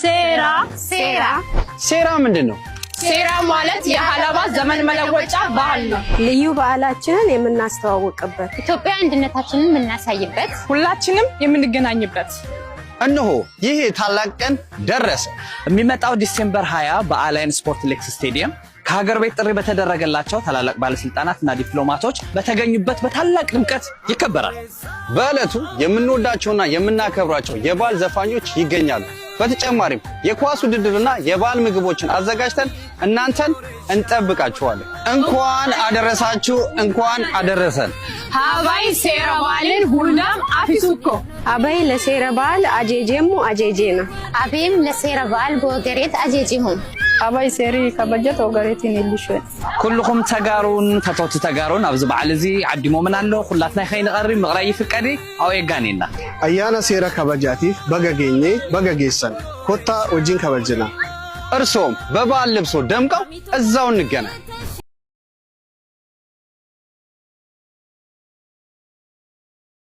ሴራ ሴራ ሴራ ምንድን ነው? ሴራ ማለት የሀላባ ዘመን መለወጫ ባህል ነው። ልዩ በዓላችንን የምናስተዋውቅበት፣ ኢትዮጵያ አንድነታችንን የምናሳይበት፣ ሁላችንም የምንገናኝበት። እነሆ ይህ ታላቅ ቀን ደረሰ። የሚመጣው ዲሴምበር 20 በአላይን ስፖርት ሌክስ ስቴዲየም ከሀገር ቤት ጥሪ በተደረገላቸው ታላላቅ ባለስልጣናት እና ዲፕሎማቶች በተገኙበት በታላቅ ድምቀት ይከበራል። በዕለቱ የምንወዳቸውና የምናከብራቸው የባህል ዘፋኞች ይገኛሉ። በተጨማሪም የኳስ ውድድርና የበዓል ምግቦችን አዘጋጅተን እናንተን እንጠብቃችኋለን። እንኳን አደረሳችሁ፣ እንኳን አደረሰን። ሀባይ ሴረ በዓልን ሁላም አፊሱኮ አባይ ለሴረ በዓል አጄጄሙ አጄጄ ነው አቤም ለሴረ በዓል ጎገሬት አጄጄሁም ኣባይ ሴሪ ከበጀት ወገሬትን የልሽን ኩልኩም ተጋሩን ተተውቲ ተጋሩን ኣብዚ በዓል እዚ ዓዲሞምን ኣሎ ኩላትናይ ከይንቐርብ ምቕራይ ይፍቀዲ ኣብ የጋኒና ኣያና ሴራ ከበጃቲፍ በገጌኘ በገጌሰን ኮታ ወጅን ከበጅና እርሶም በበዓል ልብሶ ደምቀው እዛው እንገናኝ